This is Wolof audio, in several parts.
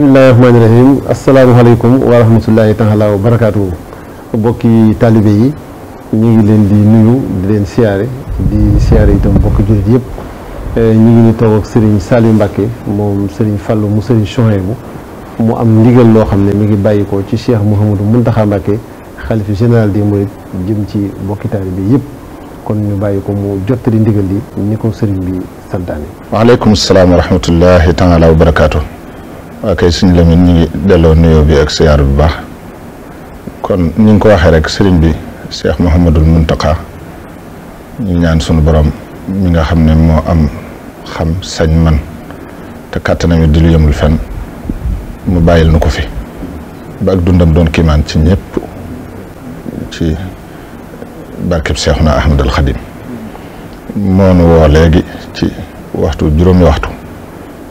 bismillahi rahmaani rahim asalaamaaleykum wa rahmatullahi taala wa barakaatu bokki taalibe yi ñu ngi leen di nuyu di leen siyaare di siyaare itam bokki jullit yëpp eh, ñu ngi ni toog ak sëriñ Saliou Mbacke moom sëriñ Fallou mu sëriñ Chouhaïbou mu am ndigal loo xam ne mi ngi bàyyi ko ci Cheikh Mouhamadou Mountakha Mbacke xalifa général des mourides jëm ci bokki taalibe yëpp kon ñu bàyyi ko mu jottali ndigal li ni ko sëriñ bi santaane. waaleykum salaam wa rahmatullahi taala waa kay suñu mi ñu ngi delloo nuyoo bi ak siyaar bu baax kon ni nga ko waxee rek sëriñ bi Cheikh Mouhamadul muntaka ñu ñaan sunu borom mi nga xam ne moo am xam sañ man te kàttanam it di lu yëmul mu bàyyil nu ko fi ba ak dundam doon kiimaan ci ñëpp ci barkeb Seexuna Ahmadul Xadim moo nu woo léegi ci waxtu juróomi waxtu.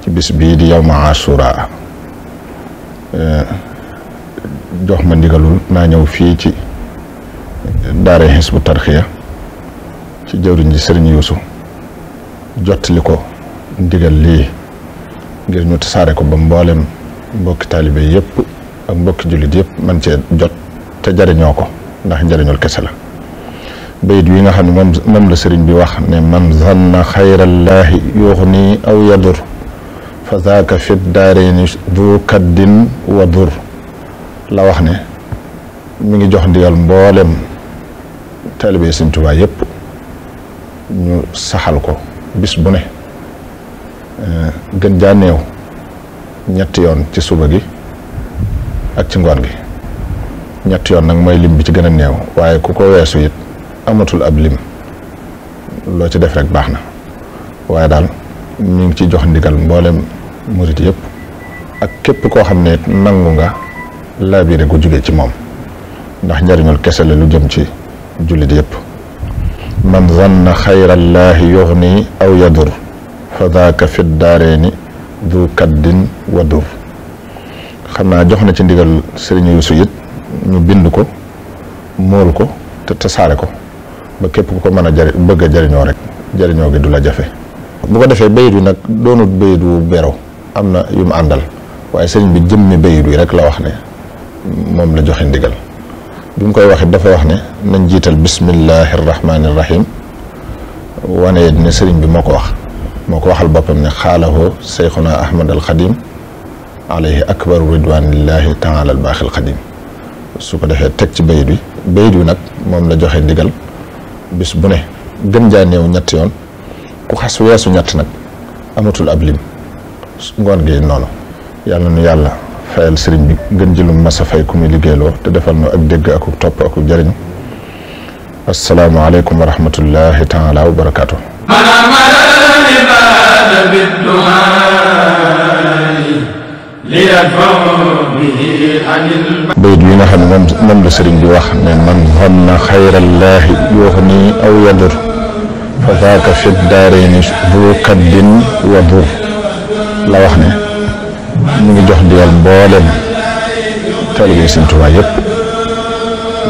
ci bis bii di yawma asura eh, jox ma ndigalul naa ñëw fii ci daare Hizbut Tarqiyyah ci jëwriñ ji Sëriñ Yuusu jottali ko ndigal lii ngir ñu saare ko ba mboolem mbokki taalibe yépp ak mbokki jullit yëpp man cee jot te jariñoo ko ndax njariñul kese la bayit wi nga xam ne moom moom la sëriñ bi wax ne man zanna xayrallaahi yuxni aw yadur fa zaaka fit daarayni du kat wa dur la wax ne mu ngi jox ndigal mboolem taalibe Sëñ Tuubaa yépp ñu saxal ko bis bu ne eh, gën jaa néew ñetti yoon ci suba gi ak ci ngoon gi ñetti yoon nag mooy lim bi ci gën a néew waaye ku ko weesu it amatul ab lim loo ci def rek baax na waaye daal ñu ngi ci jox ndigal mboolem murit yëpp ak képp koo xam ne nangu nga laabire gu jugee ci moom ndax njariñul kese la lu jëm ci jullit yëpp man zanna xayrallaahi yuxni aw yadur fa daaka fi daareeni du kaddin wa xam naa jox na ci ndigal sëriñ Yuusu it ñu bind ko mool ko te tasaare ko ba képp ku ko mën a jari bëgg a jariñoo rek jariñoo gi du la jafe bu ko defee bayit wi nag doonut bayit wu bero am na yu mu àndal waaye sëriñ bi jëmmi bayit wi rek la wax ne moom la joxe ndigal bi koy waxee dafa wax ne nañ jiital bismillahi rahmaani rahim wane sëriñ bi moo ko wax moo ko waxal boppam ne xaalahu seyxuna ahmad al xadim alayhi akbaru ridwanillahi baaxil xadim su ko defee teg ci bayit wi bayit wi nag moom la joxe ndigal bis bu ne gën jaa ñett yoon ku xas weesu ñett nag amatul ab lim ngoon gi noonu yàlla nu yàlla fayal sëriñ bi gën jëlum masa fay ku muy liggéeyloo te defal nu ak dégg akub topp akub jëriñ asalaamaaleykum wa rahmatullahi taala wa barakaatu bayit yi nga bi wax ne man xon na xayrallaahi yoo xam fa zaaka fi bu kaddin wa la wax ne mu ngi jox digal mbooleem taalibe Sëñ Tuubaa yëpp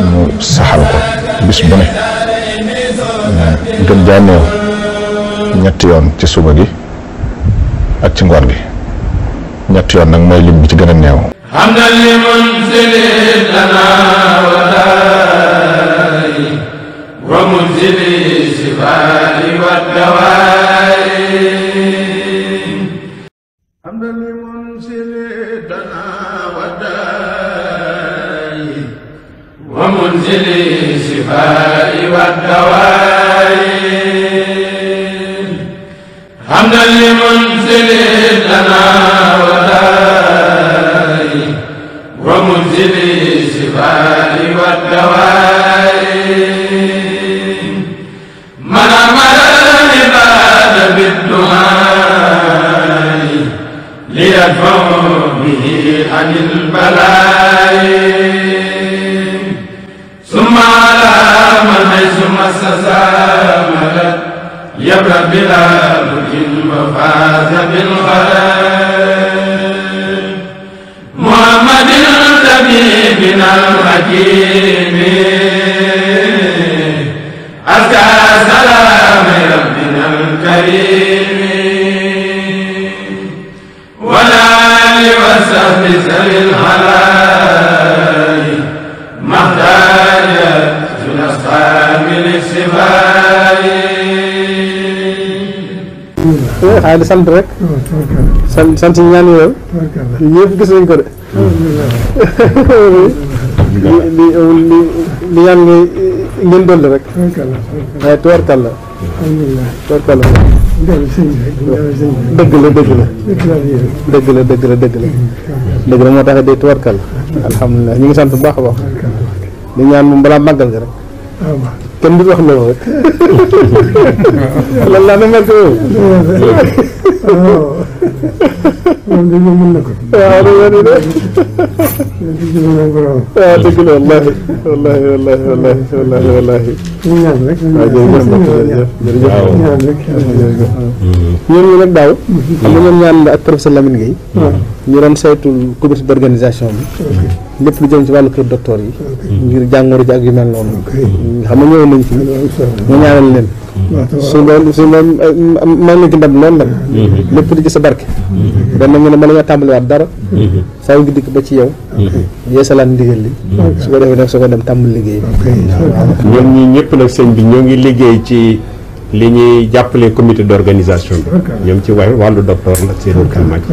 mu saxal ko bis bu ne gën jaa néew ñetti yoon ci suba gi ak ci ngoon gi ñetti yoon nag mooy lim bi ci gën a néew wa munzili shifaa'i wa dawaa لمنزل تناودا ومنزل الشفاء والدواء حمدا لمنزل تناودا ومنزل الشفاء والدواء يدعو به عن البلاء ثم على من حيث مس سامرت يبرأ بلا ملك وفاز بالخير محمد الطبيب بنا الحكيم waaye di sant rek. san mm, sant ñaan yooyu. yëpp gis nañ ko de. li li li ñaan ngay ngeen dolli rek. waaye tubarkal la. tubarkal la. dëgg la dëgg la. dëgg la dëgg la dëgg la. dëgg la mm, moo tax day tubarkal. alhamdulilah ñu ngi sant bu baax baax. di ñaan balaa màggal ga rek. kenn du wax loolu rek lan laa ne ma ko. Ah, waaw da ngeen di def. waaw dëgg la ñaan rek ñu ñaan rek ñoom ah, ñu ah, nag daaw. xam nga ñoom la ak professeur Lamine Gueye. ñu doon bi. lépp lu jëm ci wàllu kër docteur yi. ngir jàngoro ji ak yu mel noonu. xam nga ñëwoon nañ fi. ñu ñaanal leen. suñ doon suñ doon eh, maa ngi la ci ndam noonu nag mm-hmm. lépp di ci sa barke dana mm-hmm. ñu ne la nañoo tàmbaliwaat dara saa mm-hmm. yu dikk ba ci yow yeesalaat ndigal li su ko defee nag soo ko dem tàmbul liggéey ñoom ñëpp nag sëñ bi ñoo ngi liggéey ci li ñuy jàppale comité d' organisation bi ñoom ci way wàllu docteur la seen kilomètre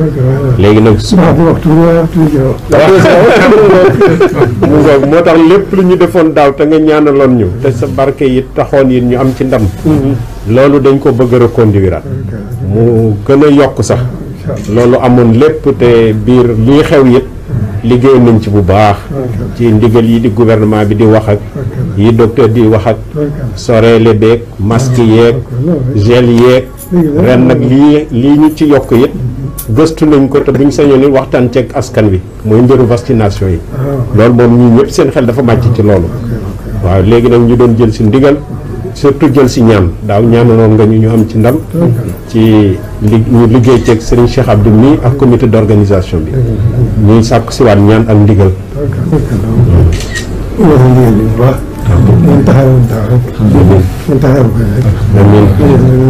léegi nag su mu moo tax lépp lu ñu defoon daaw te nga ñaanaloon ñu te sa barke yi taxoon yi ñu am ci ndam mm-hmm. loolu dañ ko bëgg a reconduiraat mu gën a yokk sax loolu amoon lépp te biir lii xew it mm-hmm. liggéey nañ ci bu baax ci ndigal yi di gouvernement bi di wax ak yi docteur di wax ak soreele beeg masque yeeg gel yeeg ren nag lii lii ñu ci yokk it gëstu nañ ko te buñ sañoon ni waxtaan ceeg askan bi mooy njëru vaccination yi loolu moom ñii ñëpp seen xel dafa màcc ci loolu waaw léegi nag ñu doon jël si ndigal surtout jël si ñaan daaw ñaanaloon nga ñu ñu am ci ndam ci li ñu liggéey ceeg Serigne Cheikh Abdou mi ak comité d'organisation bi ñuy sàkk si waat ñaan ak ndigal ñun taxaare wuñ taxaw rek. ñun taxaare wuñ rek.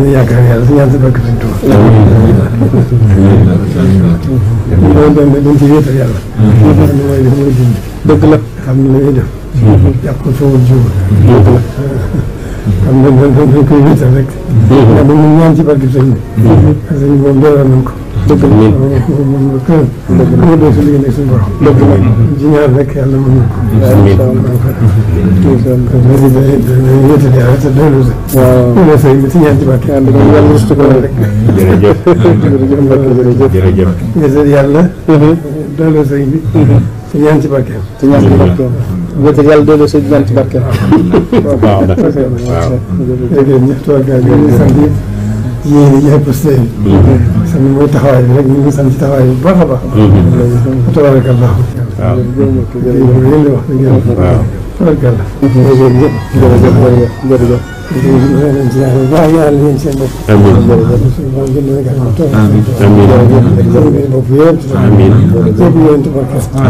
ñu yaakaar yàlla si ñaar si bëgg nañ tuba. loolu dañ dañ ci wéetal yàlla. ñu xam ne mooy def mooy dindi. dëgg la xam ne la ñuy def. yàqul soowul jiwu. dëgg la xam ne dañ dañ koy wéetal rek. ndax dañ ñaan ci barke sëñ bi. parce que moom doyoon nañ ko. dëgg la ñu ngi xam ne moom la gën a. dëgg la dama doon si liggéey ak suñu borom. dëgg la ji ñaar rek yàlla mën na ko. amiin waaw waaw waaw waaw yéen ji ëpp si sa mm-hmm. mooy taxawaay bi rek ñu ngi sant ci taxawaay bu baax a baax. Mm-hmm. tabaraka allah. waaw yéen di wax da mm-hmm. ngeen wax. waaw tabaraka allah. jërëjëf jërëjëf jërëjëf.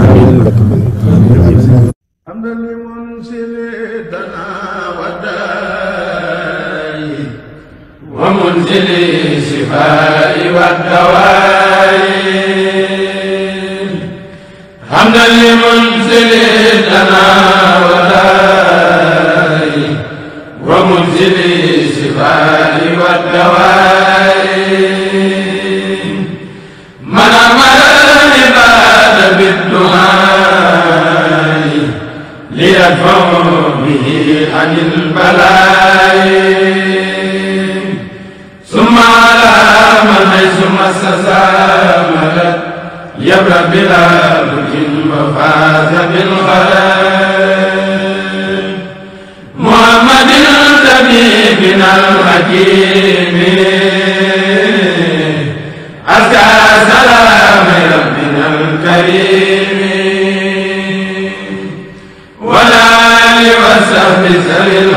amiin amiin amiin منزل الشفاء والدواء حمدا لمنزل لنا وداء ومنزل الشفاء والدواء من أمر العباد بالدعاء ليدفع به عن البلاء استزاملت يبرى بلاد الجن وفاز بالخير محمد طبيبنا الحكيم أزكى سلام ربنا الكريم ولا لوسف سلم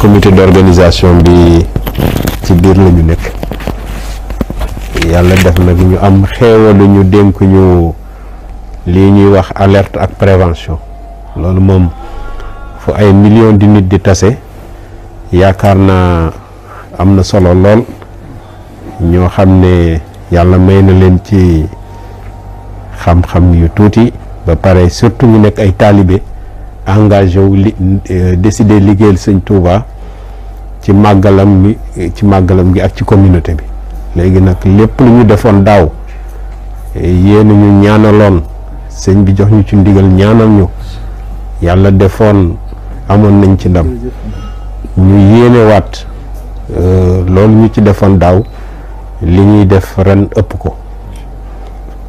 comité d'organisation bi ci biir la nekk yàlla def nag ñu am xeewalu ñu dénk ñu lii ñuy wax alerte ak prévention loolu moom fu ay millions di nit di tase yaakaar naa am na solo lool ñoo xam ne yàlla may na leen ci xam-xam yu tuuti ba pare surtout ñu nekk ay taalibe engagé wu li euh, décidé liggéeyal sëñ Touba ci màggalam mi ci màggalam gi ak ci communauté bi léegi nag lépp lu ñu defoon daaw yéen ñu ñaanaloon sëñ bi jox ñu ci ndigal ñaanal ñu yàlla defoon amoon nañ ci ndam ñu yéenewaat euh, loolu ñu ci defoon daaw li ñuy def ren ëpp ko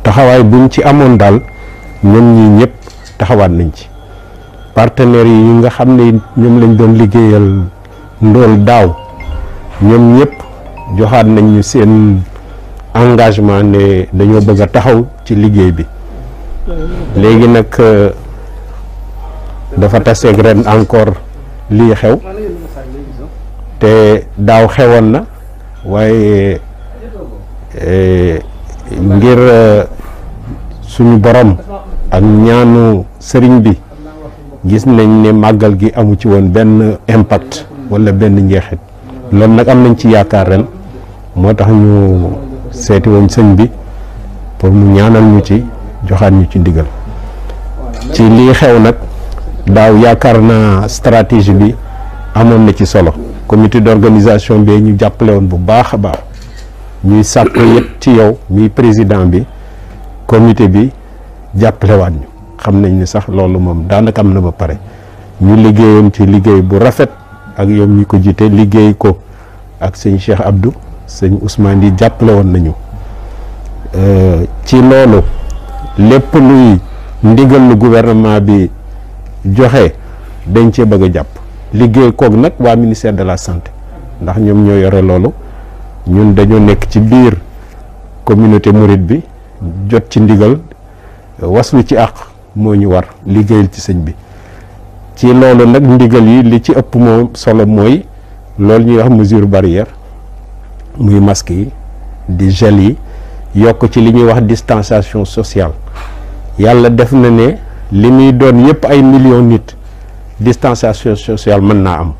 taxawaay buñ ci amoon daal ñoom ñi ñëpp taxawaat nañ ci partenaires yi nga xam ne ñoom lañ doon liggéeyal ndool daaw ñoom ñëpp joxaat nañ ñu seen engagement ne dañoo bëgg a taxaw ci liggéey bi léegi nag euh, dafa taseeg ren encore lii xew te daaw xewoon na waaye euh, ngir euh, suñu borom ak ñaanu sëriñ bi gis nañ ne màggal gi amu ci woon benn impact walla benn njeexit loolu nag am nañ ci yaakaar ren moo tax ñu seeti woon sëñ bi pour mu ñaanal ñu ci joxaat ñu ci ndigal ci lii xew nag daaw yaakaar na stratégie bi amoon na ci solo comité d'organisation bi ñu jàppale woon bu baax a baax ñuy sàkk yëpp ci yow muy président bi comité bi jàppalewaat ñu xam nañ ni sax loolu moom daanaka am na ba pare ñu liggéeyam ci liggéey bu rafet ak yoon ñu ko jiite liggéey ko ak sëñ Cheikh Abdou sëñ Ousmane yi jàppale woon nañu euh, ci loolu lépp luy ndigal lu gouvernement bi joxe dañ cee bëgg jàpp liggéey kook nag waa ministère de la santé ndax ñoom ñoo yore loolu ñun dañoo nekk ci biir communauté mouride bi jot ci ndigal waslu ci àq moo ñu war liggéeyal ci sëñ bi ci loolu nag ndigal yi li ci ëpp moom solo mooy loolu ñuy wax mesure barrière muy masque yi di gel yi yokk ci li ñuy wax distanciation sociale yàlla def na ne li muy doon yëpp ay millions nit distanciation sociale mën naa am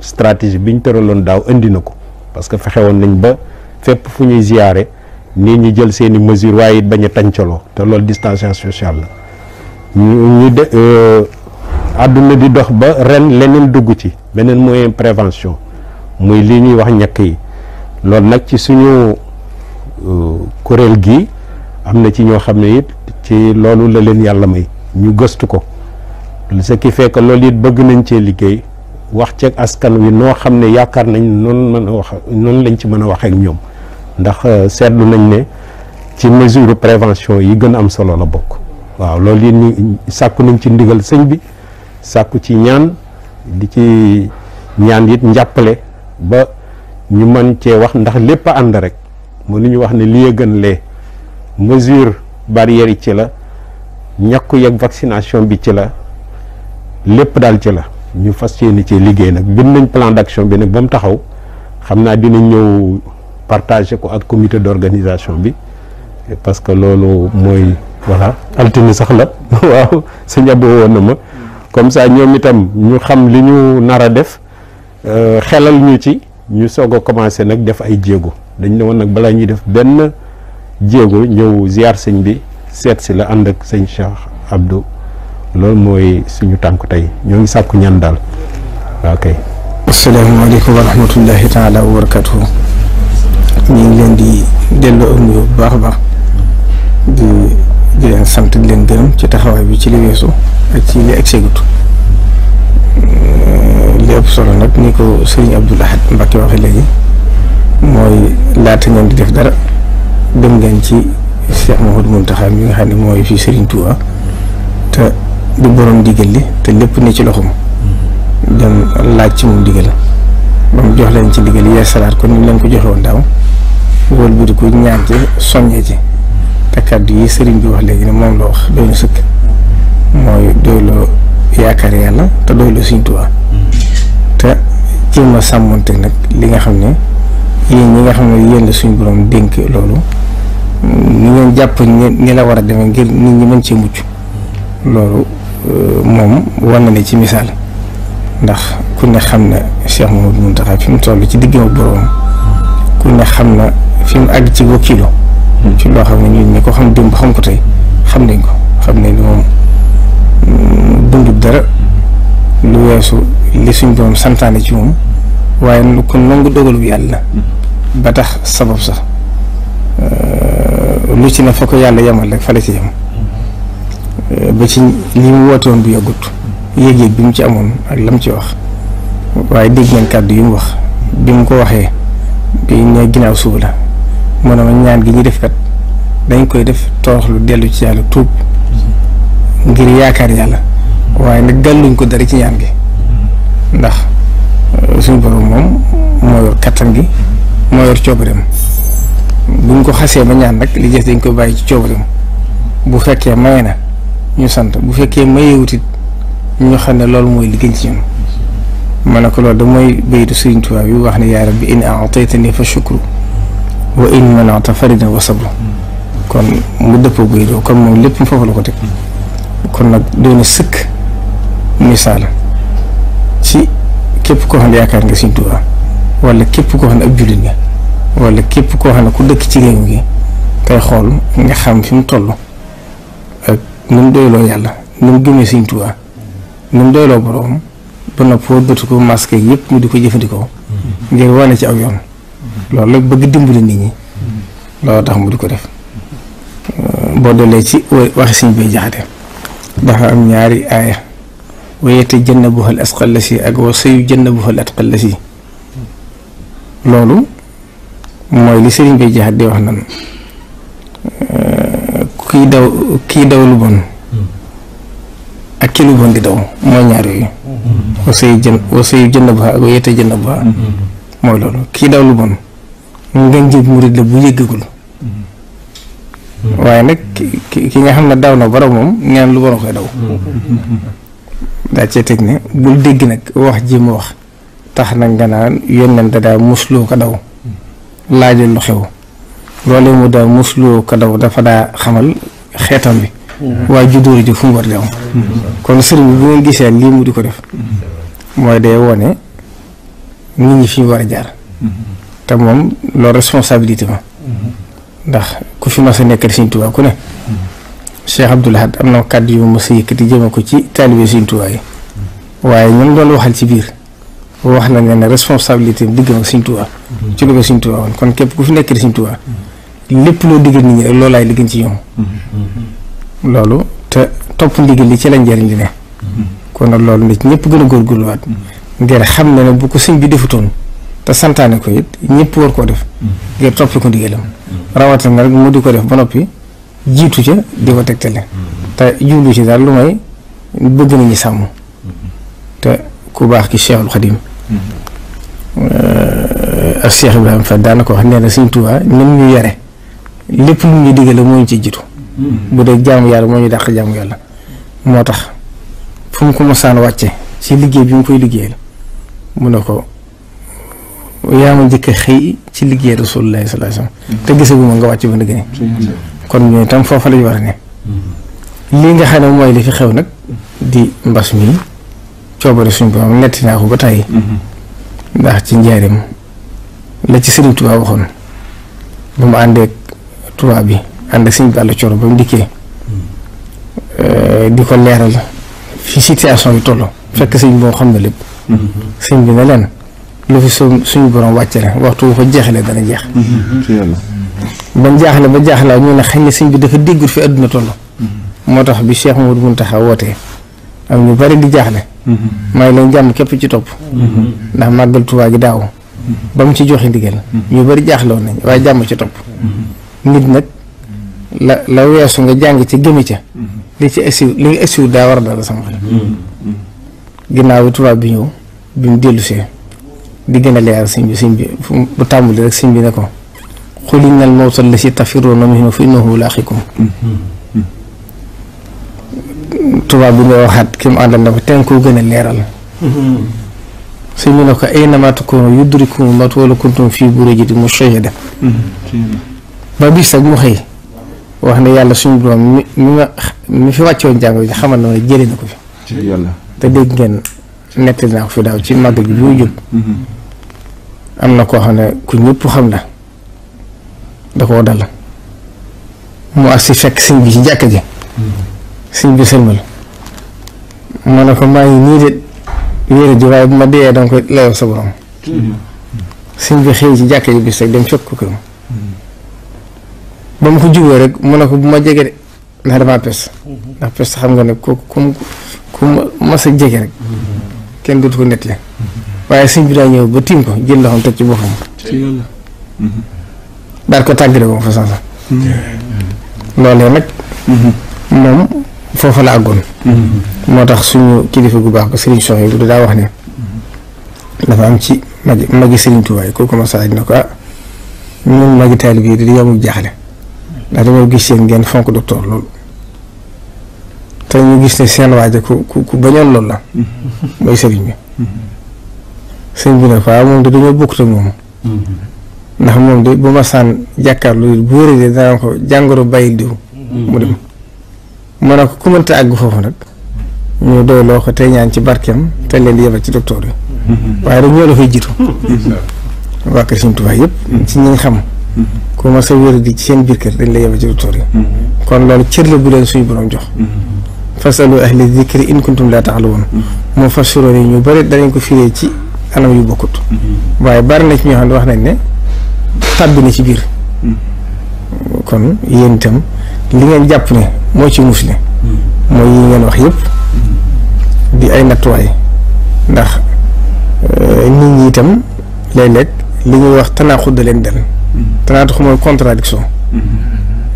stratégie bi ñu tëraloon daaw indi na ko parce que fexe woon nañ ba fépp fu ñuy ziyaare nit ñu jël seeni mesure waaye it bañ te loolu distanciation sociale la ñu de euh, àdduna di dox ba ren leneen dugg ci beneen moyen prévention muy li ñuy wax ñàkk yi loolu nag ci suñu euh, kuréel gi am na ci ñoo xam ne it ci loolu la leen yàlla may ñu gëstu ko ce qui fait que loolu it bëgg nañ cee liggéey wax ceeg askan wi noo xam ne yaakaar nañ noonu mën lañ ci mën a wax ñoom ndax euh, seetlu nañ ne ci mesure prévention yi gën a am solo la bokk waaw loolu yéen ñu sàkku nañ ci ndigal sëñ bi sàkku ci ñaan di ci ñaan it njàppale ba ñu mën cee wax ndax lépp a ànd rek mënuñu wax ne li gën lee mesure barrière ci la ñàkku yeeg vaccination bi ci la lépp daal ci la ñu fas ni cee liggéey nag bind nañ plan d'action bi nag ba mu taxaw xam naa dinañ ñëw partager ko ak comité d'organisation bi parce que loolu mooy voilà altine sax la waaw sëñ Abdou woon na ma comme ça ñoom itam ñu xam li ñu nar a def euh, xelal ñu ci ñu soog a commencé nag def ay jéego dañ ne woon nag balaa ñuy def benn jéego ñëw ziar sëñ bi seet si la ànd ak sëñ Cheikh Abdou loolu mooy suñu tànku tey ñoo ngi sàkku ñaan daal waaw kay. asalaamaaleykum wa rahmatullahi taala wa barakatuhu ñu ngi leen di delloo am bu baax baax. di di leen sant di leen gërëm ci taxawaay bi ci li weesu ak ci li ak segut li ëpp solo nag ni ko sëriñ Abdoul Ahad Mbacké waxee léegi mooy laata ngeen di def dara dem ngeen ci Cheikh Mouhamadou Mountakha mi nga xam ne mooy fii sëriñ Touba te di borom digal li te lépp ni ci loxoom dem laaj ci moom digal ba mu jox leen ci digal yeesalaat ko ni mu leen ko joxe woon daaw wóol bi di ko ñaan soññee ci. te kàddu yi sëriñ bi wax léegi ne moom la wax doy na sëkk mooy doyloo yaakaar yàlla te doyloo Sëriñ Tuubaa te jéem a sàmmonte nag li nga xam ne yéen ñi nga xam ne yéen la suñu boroom dénk loolu ni ngeen jàpp ni la war a deme ngir nit ñi mën cee mucc loolu euh, moom war na ne ci misaal ndax ku ne xam na Cheikh Mouhamadou Mountakha fi mu toll ci diggam ak boroom ku ne xam na fi mu àgg ci wakiilo ci loo xam ne ñun ñi ko xam démb xam ko tey xam nañ ko xam nañ moom mm, dundut dara lu weesu li suñ borom santaane ci moom waaye lu ko nangu dogalu yàlla ba tax sabab sax euh, lu ci ne fa ko yàlla yemal rek fa la ci yem euh, ba ci li mu woote woon bu yàggut yéeg bi mu ci amoon ak la mu ci wax waaye dégg kàddu yi mu wax bi mu ko waxee bi ne ginnaaw suba la mu ne ma ñaan gi ñu def kat dañ koy def tooxlu dellu ci yàlla tuub ngir yaakaar yàlla waaye nag delluñ ko dara ci ñaan gi ndax euh, suñu borom moom moo yor kattan gi moo yor coobareem ko xasee ba ñaan nag li jeex dañ koy bàyyi ci coobareem bu fekkee maye na ñu sant bu fekkee mayewut it ñu xam ne loolu mooy li gën ci ñun ma ne ko loolu da mooy baytu Sëriñ Tuubaa bi wax ne yaa rabbi in a'taytani fa shukru indi ma naa manata farida wa sabru kon mu dëppoo guy doo kon moom lépp foofu la ko teg kon nag doone sëkk misaal ci képp koo xam ne yaakaar nga Sëriñ Tuubaa wala képp koo xam ne ab jullit nga képp koo xam ne ku dëkk ci réew gi kay xool nga xam fi mu toll ak ni mu doyloo yàlla ni mu gëmee Sëriñ Tuubaa ni mu doyloo boroom ba nopp wëlbatiku masque yëpp mu di ko jëfandikoo mm-hmm. ngir wane ci aw yoon loolu la bëgg dimbali nit ñi loolu tax mu di ko def euh, boo doolee ci waxi suñ bay jaxate dafa am ñaari aaya wayete jënn bu xal asqal la si ak wa sëyu jënn bu xal atqal si loolu mooy li sëriñ bay jaxat di wax nan euh, kiy daw kiy ak ki lu bon di daw mooy ñaar yooyu mm-hmm. wa jën wa sëyu jënn bu xal mooy loolu kii daw lu bon ngànjëg murid la bu yëggagul waaye nag ki nga xam ne daw na borom moom ñaan lu borom koy daw daa cee bul dégg nag wax ji wax tax nag nga naan yónnante daa musloo ko daw laajal lu xew loolu mu daa musloo dafa daa xamal xeetam bi waaye juddóor ji fu mu war di am kon sëriñ bi bu gisee lii mu di ko def mooy day wone nit ñi fi war a jaar te moom loolu responsabilité ma ndax ku fi mas a nekkal Sëriñ Tuubaa ku ne Cheikh Abdoul am na kàddu yu ma sa yëkkati jëme ko ci taalibe Sëriñ Tuubaa yi waaye ñoom doon waxal ci biir wax na ne ne responsabilité diggam ak Sëriñ Tuubaa ci lu ko Sëriñ kon képp ku fi nekkal Sëriñ Tuubaa lépp loo diggal nit ñi rek laay liggéen ci ñoom loolu te topp ndigal li ci la njëriñ li ne kon loolu nit ñëpp gën a góorgóorluwaat ngir xam ne ne bu ko sëñ te santaane ko it ñëpp war koo def ngir toppi ko ndigalam rawatina rek mu di ko def ba noppi jiitu ca di ko tegtale te jublu ci daal lu may bëgg nañu sàmm te ku baax ki Cheikhul Khadim euh, ak Cheikh Ibrahima Fall daana ko wax nee na Sëriñ Tuubaa ñoom ñu yare lépp lu ñu digale moo ñu ci jiitu bu dee jaamu yàlla moo ñu dàq jàmm yàlla moo tax fu mu ko mosaan wàcce ci liggéey bi mu koy liggéeyal mu ne ko yaa ma njëkk a xëy ci liggéey rasulullahi sallallahu alayhi wasallam mm-hmm. te gisaguma nga wàcc ba ndëgg mm-hmm. kon ñooñu tam foofa lañu war a ne mm-hmm. lii nga xam ne mooy li fi xew nag di mbas mi coobare suñ borom netti naa ko ba tàyyi ndax ci njaarim la ci sëriñ Tuubaa waxoon ba mu àndeek tubaab bi ànd ak sëñ Balla Coor ba mu dikkee eh, di ko leeral fi situation bi toll fekk sëñ boo xam ne lépp sëñ bi ne leen lu fi suñu borom wàcce la waxtu bu fa jeexalee dana jeex. ban jaaxle ba jaaxlaa ñoo ne xëy na sëñ bi dafa déggut fi àdduna toll. moo tax bi Cheikh Mourou Mountakha wootee am ñu bari di jaaxle. may leen jàmm képp ci topp. ndax màggal Tuubaa gi daaw. ba mu ci joxe ndigal. ñu bari jaaxloon nañ waaye jàmm ci topp. nit nag la la weesu nga jàng ci gëme ca. li ci essiw li nga essiw daa war a sama xel. ginnaaw bi tubaab bi ñëw bi mu dellusee di gën a leeral sëñ bi sëñ bi bu tàmbali rek sëñ bi ne ko xul innal mawta llazii fi minhu fa innahu mulaaqiikum tubaab bi nga waxaat ki mu àndal na ko ne ko aynamaa takuunu yudrikkumul mawtu walaw kuntum wax ne yàlla suñu borom mi ma mi fi te dégg ngeen nettali naa ko fi daaw ci màggal bi bi mu jul am na koo xam ne ku ñëpp xam la da koo dal mu agsi fekk sëñ bi ci jàkka ji sëñ bi sëlmal ma ne ko maa ngi de wéer ji waaye bu ma dee danga koy layoo sa borom sëñ bi xëy ci jàkka ji bis rek dem fekk ko kër ba mu ko juboo rek mu ne ko bu ma jege de ndax damaa pes ndax pes xam nga ne kooku ku mu ma sa jege rek kenn dootu ko nettali waaye sëñ bi daa ñëw ba tiim ko jël loxoom teg ci boppam. daal ko tàggale ko fa sax sax. loolee nag. moom foofa la àggoon. moo tax suñu kilifa gu baax ba Serigne Sox yi bu daa wax ne. dafa am ci magi magi Serigne Touba ko ah ñun magi taalib yi dañoo amul jaaxle ndax dañoo gis seen ngeen fonk docteur loolu. gis ne seen waaja ku ku ku bañoon loolu la. mooy Serigne bi. sëñ bi ne faa ah, moom de dañoo bokkut ak moom mm-hmm. ndax moom de bu ma sànn jàkkaarloo bu wërëjee danaa ko jàngoro bàyyi diw mm-hmm. mu dem ma ne ko ku mënta àgg foofu nag ñu doy loo ko tey ñaan ci barkeem te leen yebal ci docteur yi mm-hmm. waaye rek ñoo la fay jiitu waa kër Sëñ Tuubaa ci ñi xam ku ma sa wér di ci seen biir dañ la yebal ci docteur yi kon loolu cër la bu leen suñu borom jox fasalu ahli zikri in kuntum laa ta'lamuun moo fas suróor yi ñu bëri danañ ko firee ci anam yu bokkut waaye bari na ci ñoo xam ne wax nañ ne tàbbi na ci biir kon yéen itam li ngeen jàpp ne moo ci musle mooy yi ngeen wax yëpp di ay nattuwaay ndax euh, nit ñi itam léeg-léeg li ñuy wax tanaaxut da leen dal tanaaxut mooy contradiction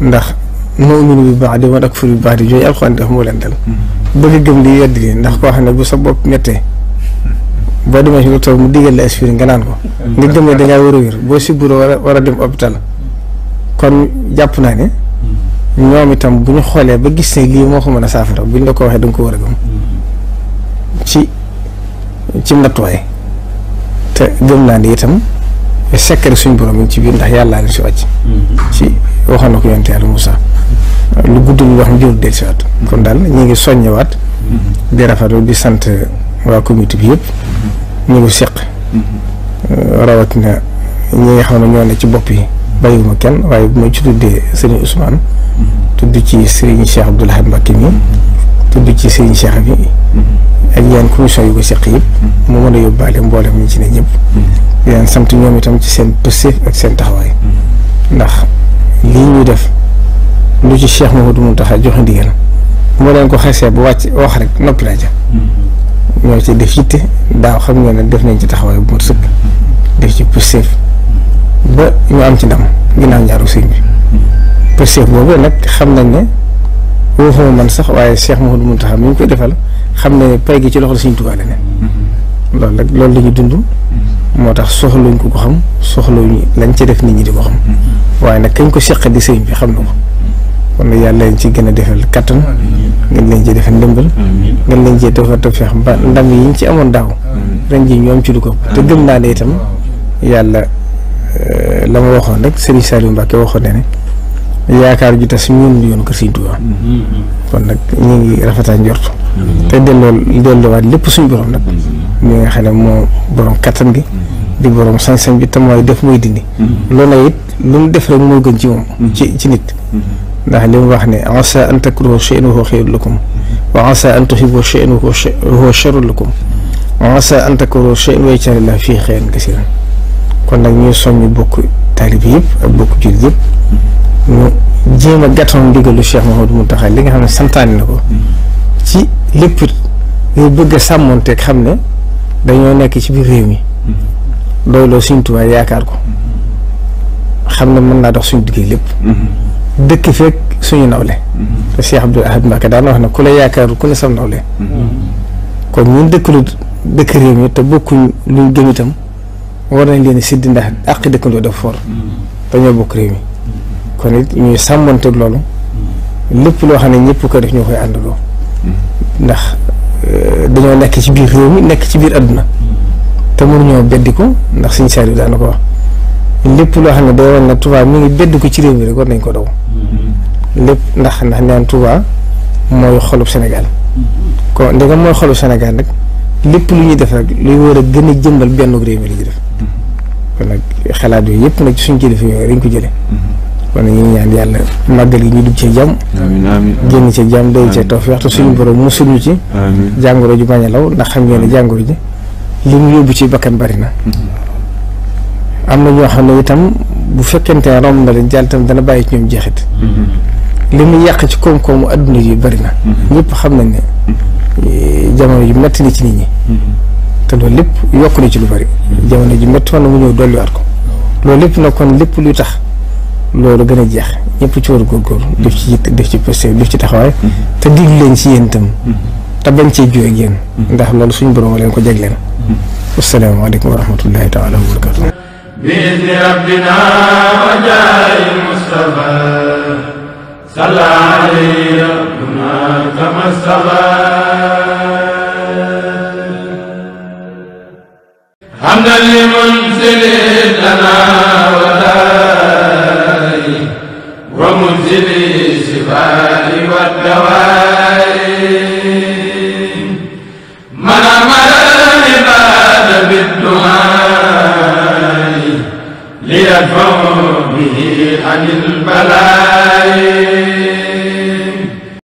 ndax nu'minu bi ba'di wa nakfuru bi ba'di jooju alxuraan def moo leen dal bëgg gëm li weddi li ndax koo xam ne bu sa bopp mettee boo demee si docteur mu digal la aspirine nga naan ko. nga gëm ne da ngaa war a wér boo sibbiroo war a war a dem hôpital kon jàpp naa ne. ñoom itam bu ñu xoolee ba gis ne lii moo ko mën a saafara buñ la ko waxee ko war a gëm. ci ci te gëm naa ne itam sekkare suñu borom ci biir ndax yàllaa ni si wàcc. ci waxoon na ko yonte Yàlla Moussa. lu gudd lu wax mu jël dellusiwaat. kon daal ñu ngi soññewaat. di rafetlu di sant. waa comité bi yëpp ñu ngi seq mm-hmm. rawatina ñi nga xam ne ñoo ne ci bopp yi bàyyiwuma kenn waaye bu ma ci tuddee sëriñ Ousmane mm-hmm. tudd ci sëriñ Cheikh Abdoul Ahad Mbacké mi mm-hmm. tudd ci sëriñ Cheikh bi ak yeneen commission yu ko seq yëpp mu mën a yóbbaale mboolem ñi ci ne ñëpp di sant ñoom itam ci seen pëstéef ak seen taxawaay ndax lii ñuy def lu ci Cheikh Mouhamadou Mountakha joxe ndigal bu ma leen ko xasee bu wàcc wax rek noppi laa ja ñoo ci def yitte daaw xam ngeen ne def nañ ci taxawaay bu mot sëkk def ci pësteef ba ñu am ci ndam ginnaaw njaaru sëñ bi pësteef boobu nag xam nañ ne waxuma man sax waaye Cheikh Mouhamadou Mountakha mi ñu koy defal xam ne pay gi ci loxo la suñu tubaale ne loolu nag loolu la dund moo tax soxluñ ko ko xam soxluñ lañ ci def nit ñi di ko xam waaye nag kañ ko seq di sëñ bi xam na ko kon nag yàlla leen ci gën a defal kattan ngeen leen ci defal ndimbal ngeen leen ci defal tawfeex ba ndam yi ñu ci amoon daaw ren ji ñu ci lu ko te gëm naa ne itam yàlla euh, la ma waxoon rek Serigne Saliou Mbacke waxoon ne ne yaakaar ko Serigne mm-hmm. kon nag ñu ngi rafetaa njort mm-hmm. te delloo delluwaat lépp suñu borom nag mm-hmm. kattan gi di borom sañ-sañ bi te mooy def mooy it lu mu def rek moo gën ci moom ci nit ndax li mu wax ne asa an takrahu shay'an wa huwa khayrun lakum wa asa kon nag ñuy soññ bokk taalib yëpp ak bokk jullit yëpp ñu jéem a gàttoon ndigalu Cheikh Mouhamadou Mountakha li nga xam ne santaane na ko ci lépp ñu bëgg a sàmmonteeg xam ne dañoo nekk ci biir réew mi doyloo Sëriñ Tuubaa yaakaar ko xam ne mën naa dox suñu diggee lépp dëkk feeg suñu nawle mm-hmm. te Cheikh Abdoul Ahad Mbacké daan wax na ku la yaakaaru ku ne sam nawle mm-hmm. kon ñun dëkk lu dëkk réew mi te bokkuñ luñ gëm war nañ leen siddi ndax àq dëkkandoo dafa for dañoo mm-hmm. bokk réew mi kon it ñuy sàmmanteeg loolu lépp loo xam ne ñëpp ko def ñoo koy àndandoo ndax euh, dañoo nekk ci biir réew mi nekk ci biir àdduna te mënuñoo beddi ko ndax suñu saar yi daan na ko wax lépp loo xam ne day war na tubaab mi ngi bedd ko ci réew mi rek war nañ ko daw lépp ndax ndax neen Touba mooy xolub Sénégal kon ndegam mooy xolub Sénégal nag lépp lu ñuy def rek luy war a gën a jëmbal benn réew mi la def kon nag xalaat yooyu yëpp nag suñ kilifa yooyu ko jëlee kon ñu ngi ñaan yàlla màggal yi ñu dugg ci jàmm génn ci jàmm day ci tawfeex te suñu borom musul ñu ci jàngoro ji bañ a law ndax xam ngeen ne jàngoro ji li yóbbu ci bakkan bari na mm-hmm. am na ñoo xam ne itam bu fekkente ne romb na leen jàll itam dana bàyyi ci ñoom jeexit mm-hmm. li muy yàq ci koom-koomu adduna yi bari na. Mm-hmm. ñëpp xam nañ ne mm-hmm. jamono ji métti na ci nit ñi. Mm-hmm. te loolu lépp yokk na ci lu bari. jamono ji métti woon na mu ñëw at ko. Oh. loolu lépp nag kon lépp luy tax loolu gën a jeex ñëpp ci war a góorgóorlu. def ci def ci posté def ci taxawaay. te digg leen ci yéen itam. te bañ cee jooy ak ndax loolu suñu borom leen ko jagleen. asalaamaaleykum wa rahmatullahi taala wa barakatu. bi izni rabbina wa jaahi Mustafa صلى علي ربنا كما صلى حمدا لمنزل لنا وداي ومنزل الشفاء والدواء من امر العباد بالدعاء ليدفع به عن البلاء